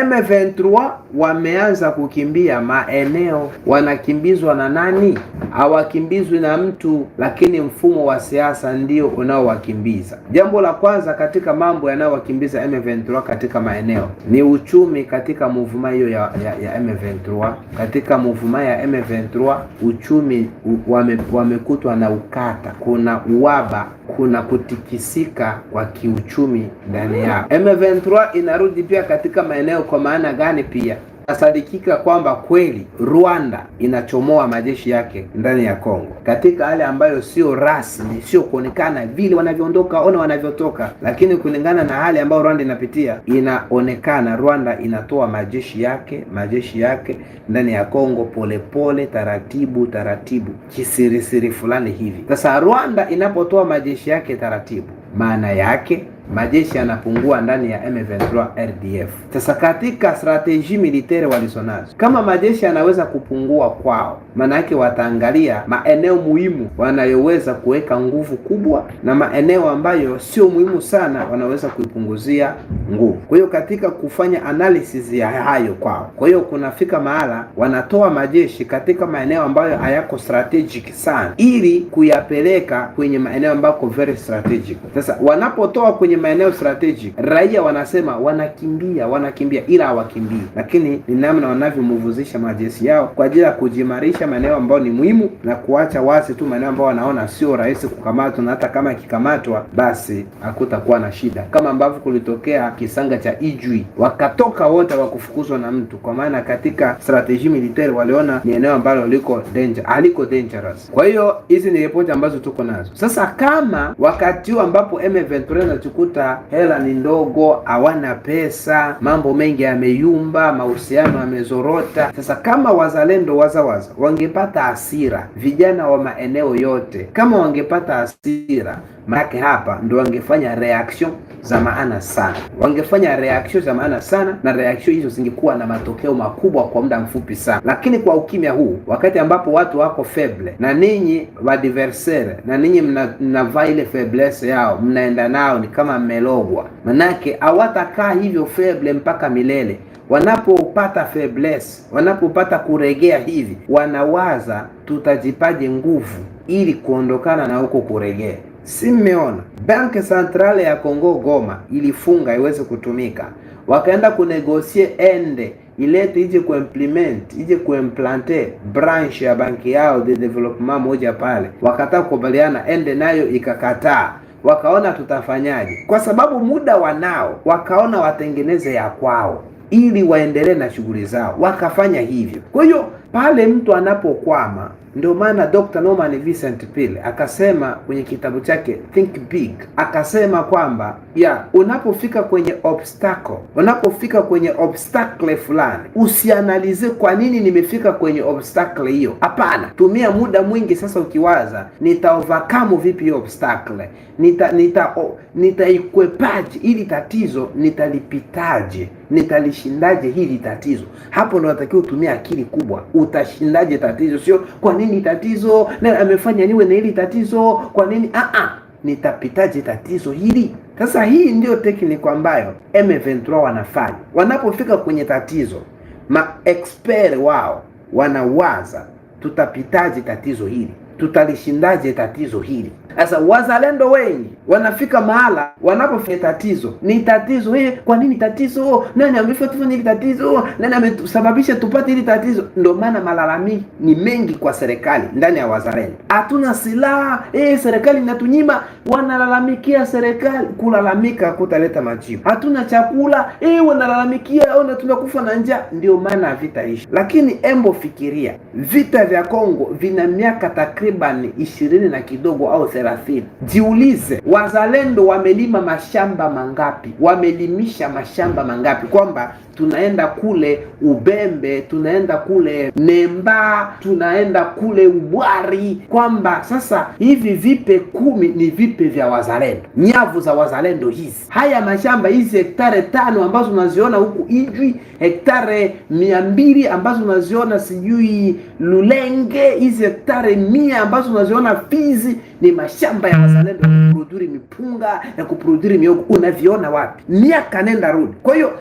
M23 wameanza kukimbia maeneo, wanakimbizwa na nani? Hawakimbizwi na mtu, lakini mfumo wa siasa ndio unaowakimbiza. Jambo la kwanza katika mambo yanayowakimbiza M23 katika maeneo ni uchumi. Katika muvuma hiyo ya, ya, ya M23, katika muvuma ya M23 uchumi wame, wamekutwa na ukata, kuna uwaba, kuna kutikisika kwa kiuchumi ndani yao. M23 inarudi pia katika maeneo kwa maana gani? Pia nasadikika kwamba kweli Rwanda inachomoa majeshi yake ndani ya Kongo katika hali ambayo sio rasmi, sio kuonekana vile wanavyoondoka, ona wanavyotoka, lakini kulingana na hali ambayo Rwanda inapitia, inaonekana Rwanda inatoa majeshi yake majeshi yake ndani ya Kongo polepole, taratibu taratibu, kisirisiri fulani hivi. Sasa Rwanda inapotoa majeshi yake taratibu, maana yake majeshi yanapungua ndani ya M23 RDF. Sasa katika strateji militaire walizonazo, kama majeshi yanaweza kupungua kwao, maana yake wataangalia maeneo muhimu wanayoweza kuweka nguvu kubwa na maeneo ambayo sio muhimu sana wanaweza kuipunguzia nguvu. Kwa hiyo katika kufanya analysis ya hayo kwao, kwa hiyo kunafika mahala wanatoa majeshi katika maeneo ambayo hayako strategic sana, ili kuyapeleka kwenye maeneo ambako very strategic. Sasa wanapotoa kwenye maeneo strategic, raia wanasema wanakimbia, wanakimbia ila hawakimbii, lakini ni namna wanavyomuvuzisha majeshi yao kwa ajili ya kujimarisha maeneo ambayo ni muhimu na kuacha wazi tu maeneo ambayo wanaona sio rahisi kukamatwa, na hata kama ikikamatwa basi hakutakuwa na shida, kama ambavyo kulitokea kisanga cha Ijwi, wakatoka wote wakufukuzwa na mtu, kwa maana katika strategie militari waliona ni eneo ambalo liko danger, aliko dangerous. Kwa hiyo hizi ni ripoti ambazo tuko nazo sasa, kama wakati huu ambapo M23 inachukua unakuta hela ni ndogo, hawana pesa, mambo mengi yameyumba, mahusiano yamezorota. Sasa kama wazalendo wazawaza wangepata hasira, vijana wa maeneo yote kama wangepata hasira Maanake hapa ndo wangefanya reaction za maana sana, wangefanya reaction za maana sana, na reaction hizo zingekuwa na matokeo makubwa kwa muda mfupi sana. Lakini kwa ukimya huu, wakati ambapo watu wako feble na ninyi wadiversere, na ninyi mnavaa mna ile feblesse yao, mnaenda nao ni kama mmelogwa, manake hawatakaa hivyo feble mpaka milele. Wanapopata feblesse, wanapopata kuregea hivi, wanawaza tutajipaje nguvu ili kuondokana na huko kuregea si mmeona Banki Centrale ya Kongo Goma ilifunga iweze kutumika, wakaenda kunegosie ende ilete ije kuimplement ije kuimplante branch ya banki yao the development moja pale, wakataa kukubaliana, ende nayo ikakataa. Wakaona tutafanyaje? Kwa sababu muda wanao, wakaona watengeneze ya kwao ili waendelee na shughuli zao, wakafanya hivyo. Kwa hiyo pale mtu anapokwama. Ndio maana Dr. Norman Vincent Peale akasema kwenye kitabu chake Think Big, akasema kwamba ya unapofika kwenye obstacle, unapofika kwenye obstacle fulani usianalize kwa nini nimefika kwenye obstacle hiyo. Hapana, tumia muda mwingi sasa ukiwaza nita overcome vipi hiyo obstacle, nita nita nitaikwepaje ili tatizo, nitalipitaje, nitalishindaje hili tatizo. Hapo ndo natakiwa utumie akili kubwa utashindaje tatizo? Sio kwa nini tatizo, na amefanya niwe na hili tatizo, kwa nini a a nitapitaje tatizo hili? Sasa hii ndio tekniko ambayo M23 wanafanya. Wanapofika kwenye tatizo, maexpert wao wanawaza tutapitaje tatizo hili tutalishindaje tatizo hili? Sasa wazalendo wengi wanafika mahala wanapofanya tatizo ni tatizo hili. Eh, kwa nini tatizo? Nani amefanya hili tatizo? Nani amesababisha tupate hili tatizo? Ndio maana malalamiki ni mengi kwa serikali ndani ya wazalendo. Hatuna silaha eh, serikali inatunyima. Wanalalamikia serikali, kulalamika kutaleta majibu. Hatuna chakula eh, wanalalamikia ona, oh, tunakufa na njaa. Ndio maana havitaishi. Lakini embo fikiria, vita vya Kongo vina miaka takriban takriban ishirini na kidogo au thelathini. Jiulize, wazalendo wamelima mashamba mangapi? Wamelimisha mashamba mangapi? kwamba tunaenda kule Ubembe, tunaenda kule Nemba, tunaenda kule Ubwari, kwamba sasa hivi vipe kumi ni vipe vya wazalendo, nyavu za wazalendo hizi. Haya mashamba hizi hektare tano ambazo unaziona huku Ijwi, hektare mia mbili ambazo unaziona sijui Lulenge, hizi hektare mia ambazo unaziona Fizi ni mashamba ya wazalendo ya kuproduri mipunga ya kuproduri miogo, unaviona wapi? Miaka nenda rudi. Kwa hiyo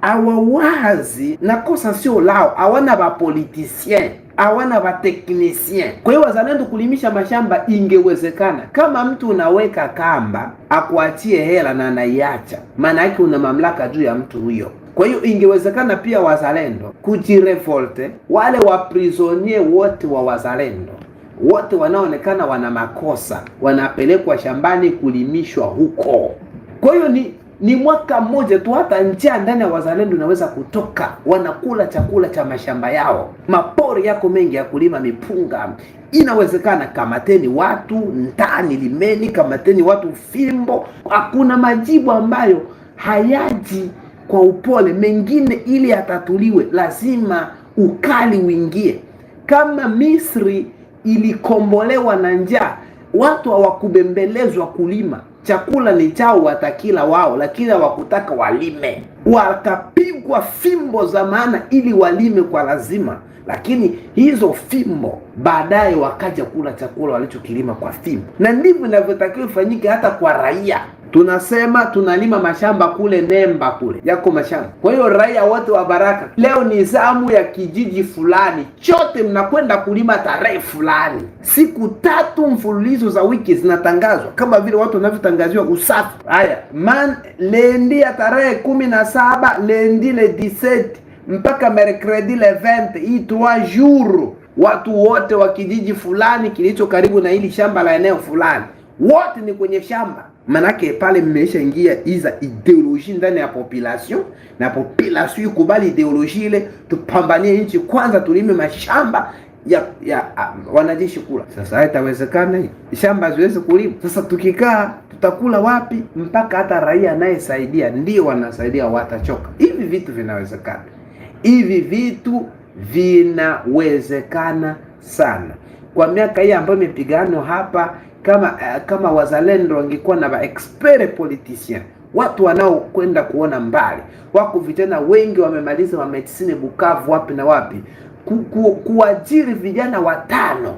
awawazi na kosa sio lao, hawana bapolitisien hawana wateknisien. Kwa hiyo wazalendo kulimisha mashamba ingewezekana kama mtu unaweka kamba akuachie hela na anaiacha, maana yake una mamlaka juu ya mtu huyo. Kwa hiyo ingewezekana pia wazalendo kujirevolte, wale waprisonie wote wa wazalendo wote wanaoonekana wana makosa wanapelekwa shambani kulimishwa huko. Kwa hiyo ni ni mwaka mmoja tu, hata njaa ndani ya wazalendo inaweza kutoka. Wanakula chakula cha mashamba yao, mapori yako mengi ya kulima mipunga. Inawezekana. Kamateni watu ndani, limeni, kamateni watu fimbo. Hakuna majibu ambayo hayaji kwa upole. Mengine ili yatatuliwe, lazima ukali uingie, kama Misri ilikombolewa na njaa. Watu hawakubembelezwa kulima, chakula ni chao, watakila wao, lakini hawakutaka walime. Wakapigwa fimbo za maana ili walime kwa lazima, lakini hizo fimbo baadaye wakaja kula chakula walichokilima kwa fimbo, na ndivyo inavyotakiwa ifanyike hata kwa raia tunasema tunalima mashamba kule Nemba, kule yako mashamba. Kwa hiyo raia wote wa Baraka, leo ni zamu ya kijiji fulani chote, mnakwenda kulima tarehe fulani. Siku tatu mfululizo za wiki zinatangazwa kama vile watu wanavyotangaziwa usafi. Haya man lendi ya tarehe kumi na saba lendi le 17 mpaka mercredi le 20 hii trois jours, watu wote wa kijiji fulani kilicho karibu na hili shamba la eneo fulani, wote ni kwenye shamba Manake pale ingia iza ideoloji ndani ya population na population ikubali ideoloji ile. Tupambanie nchi kwanza, tulime mashamba ya, ya wanajeshi kula. Sasa haitawezekana, shamba ziweze kulima. Sasa tukikaa tutakula wapi? Mpaka hata raia anayesaidia ndio wanasaidia, watachoka. Hivi vitu vinawezekana, hivi vitu vinawezekana sana. Kwa miaka hii ambayo mipigano hapa kama uh, kama wazalendo wangekuwa na expert politician, watu wanaokwenda kuona mbali. Wako vijana wengi wamemaliza wa medicine Bukavu, wapi na wapi, ku, ku, kuajiri vijana watano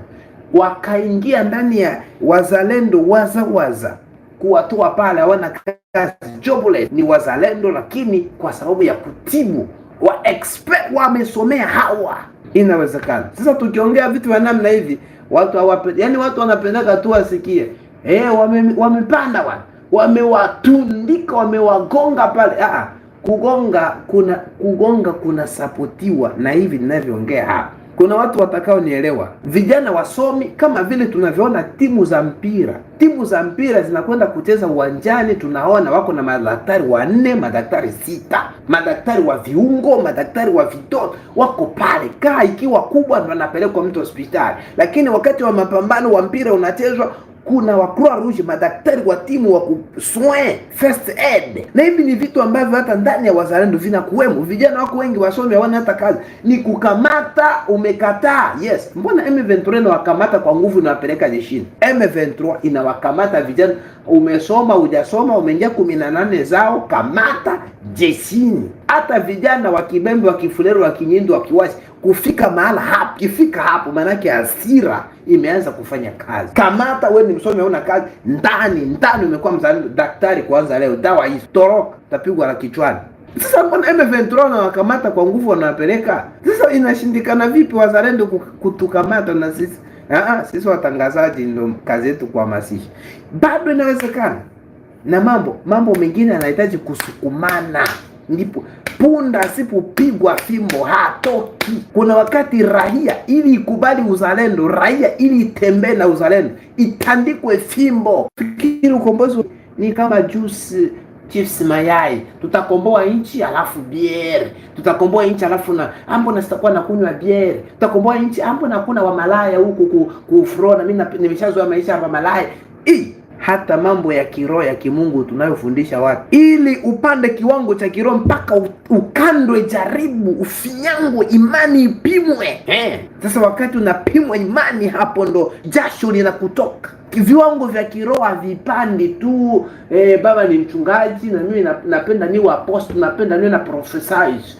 wakaingia ndani ya wazalendo waza waza kuwatoa pale hawana kazi, jobless ni wazalendo, lakini kwa sababu ya kutibu wa expert wamesomea hawa, inawezekana. Sasa tukiongea vitu vya namna hivi watu hawapendi, yani watu wanapendaka tu wasikie eh, wame, wamepanda wa wamewatundika wamewagonga pale. Ah, kugonga kuna kugonga kunasapotiwa na hivi ninavyoongea hapa kuna watu watakaonielewa, vijana wasomi, kama vile tunavyoona timu za mpira. Timu za mpira zinakwenda kucheza uwanjani, tunaona wako na madaktari wanne, madaktari sita, madaktari wa viungo, madaktari wa vitoto, wako pale kaa ikiwa kubwa, ndo anapelekwa mtu hospitali. Lakini wakati wa mapambano wa mpira unachezwa kuna wa Croix Rouge, madaktari wa timu wa kuswin first aid, na hivi ni vitu ambavyo hata ndani ya wazalendo vinakuwemo. Vijana wako wengi wasomi hawana hata kazi, ni kukamata. Umekataa, yes. Mbona M23 inawakamata kwa nguvu, inawapeleka jeshini? M23 inawakamata vijana, umesoma hujasoma, umeingia kumi na nane zao, kamata jeshini. Hata vijana wa Kibembe, wa Kifulero, wa Kinyindu, wa Kiwasi kufika mahala hapo. Kifika hapo, maanake hasira imeanza kufanya kazi. Kamata wewe, ni msomi, hauna kazi ndani ndani, umekuwa mzalendo. Daktari kuanza leo, dawa hizo, toroka, tapigwa la kichwani. Sasa mbona M23 wanawakamata kwa nguvu, wanawapeleka? Sasa inashindikana vipi wazalendo kutukamata na sisi? Aa, ah, ah, sisi watangazaji ndo kazi yetu kuhamasisha, bado inawezekana. Na mambo mambo mengine yanahitaji kusukumana ndipo punda asipopigwa fimbo hatoki. Kuna wakati raia ili ikubali uzalendo, raia ili itembee na uzalendo itandikwe fimbo. Fikiri ukombozi ni kama juice chips mayai, tutakomboa nchi alafu biere, tutakomboa nchi alafu na ambo ah, na sitakuwa na kunywa biere, tutakomboa nchi ambo ah, nakuna wamalaya huku kufrona. mi nimeshazoea maisha ya wamalaya hata mambo ya kiroho ya kimungu tunayofundisha watu, ili upande kiwango cha kiroho mpaka ukandwe jaribu, ufinyangwe, imani ipimwe. Sasa wakati unapimwa imani, hapo ndo jasho linakutoka. Viwango vya kiroho havipandi tu eh, baba ni mchungaji na mimi napenda niwe apostle, napenda niwe na prophesize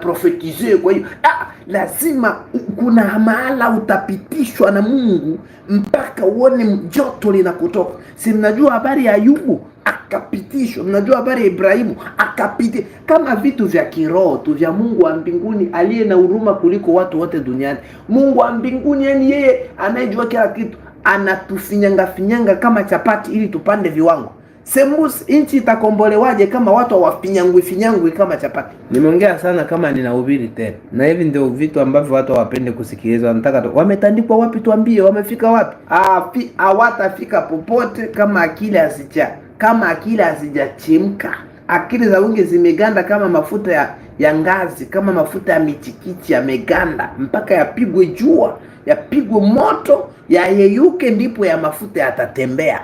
profetize. Kwa hiyo ah, lazima kuna mahala utapitishwa na Mungu mpaka uone joto linakutoka. Si mnajua habari ya Ayubu akapitishwa, mnajua habari ya Ibrahimu akapiti. Kama vitu vya kiroho tu vya Mungu wa mbinguni aliye na huruma kuliko watu wote duniani. Mungu wa mbinguni, yani yeye anayejua kila kitu, anatufinyanga finyanga kama chapati ili tupande viwango Sembus, nchi itakombolewaje kama watu hawafinyangwi finyangwi kama chapati? Nimeongea sana kama ninahubiri tena, na hivi ndio vitu ambavyo watu hawapendi kusikilizwa. Nataka tu wametandikwa wapi, tuambie wamefika wapi? Hawatafika popote kama akili asija kama akili hazijachemka. Akili za wingi zimeganda kama mafuta ya, ya ngazi, kama mafuta ya michikichi yameganda, mpaka yapigwe jua, yapigwe moto, yayeyuke, ndipo ya mafuta yatatembea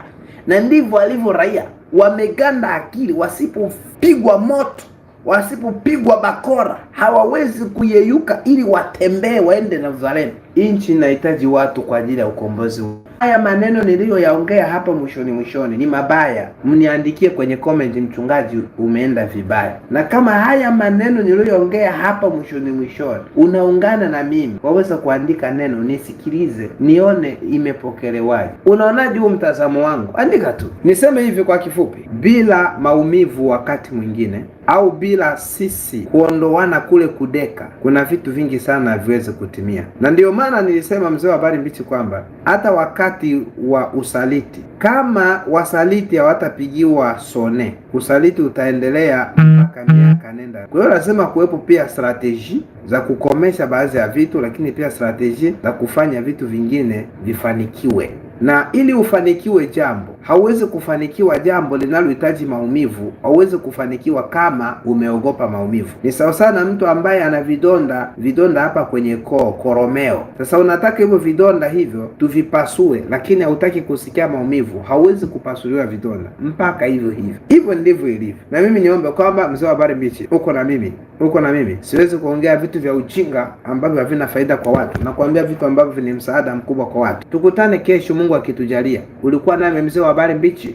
na ndivyo alivyo raia, wameganda akili. Wasipopigwa moto, wasipopigwa bakora, hawawezi kuyeyuka ili watembee waende na uzalendo. Nchi inahitaji watu kwa ajili ya ukombozi. Haya maneno niliyoyaongea hapa mwishoni mwishoni ni mabaya, mniandikie kwenye comment, mchungaji umeenda vibaya. Na kama haya maneno niliyoongea hapa mwishoni mwishoni unaungana na mimi, waweza kuandika neno nisikilize, nione imepokelewaje. Unaonaje huu mtazamo wangu? Andika tu. Niseme hivi kwa kifupi, bila maumivu wakati mwingine au bila sisi kuondoana kule kudeka, kuna vitu vingi sana haviwezi kutimia, na ndio maana nilisema mzee wa habari mbichi kwamba hata wakati wa usaliti, kama wasaliti hawatapigiwa sone, usaliti utaendelea mpaka mm-hmm. miaka nenda. Kwa hiyo lazima kuwepo pia strateji za kukomesha baadhi ya vitu, lakini pia strateji za kufanya vitu vingine vifanikiwe, na ili ufanikiwe jambo Hauwezi kufanikiwa jambo linalohitaji maumivu, hauwezi kufanikiwa kama umeogopa maumivu. Ni sawa sana mtu ambaye ana vidonda vidonda hapa kwenye koo, koromeo. Sasa unataka hivyo vidonda hivyo tuvipasue, lakini hautaki kusikia maumivu, hauwezi kupasuliwa vidonda mpaka hivyo hivyo. Hivyo ndivyo ilivyo, na mimi niombe kwamba mzee wa habari mbichi, uko na mimi, uko na mimi, siwezi kuongea vitu vya uchinga ambavyo havina faida kwa watu, nakuambia vitu ambavyo ni msaada mkubwa kwa watu. Tukutane kesho, Mungu akitujalia. Ulikuwa nami mzee wa Babari Mbichi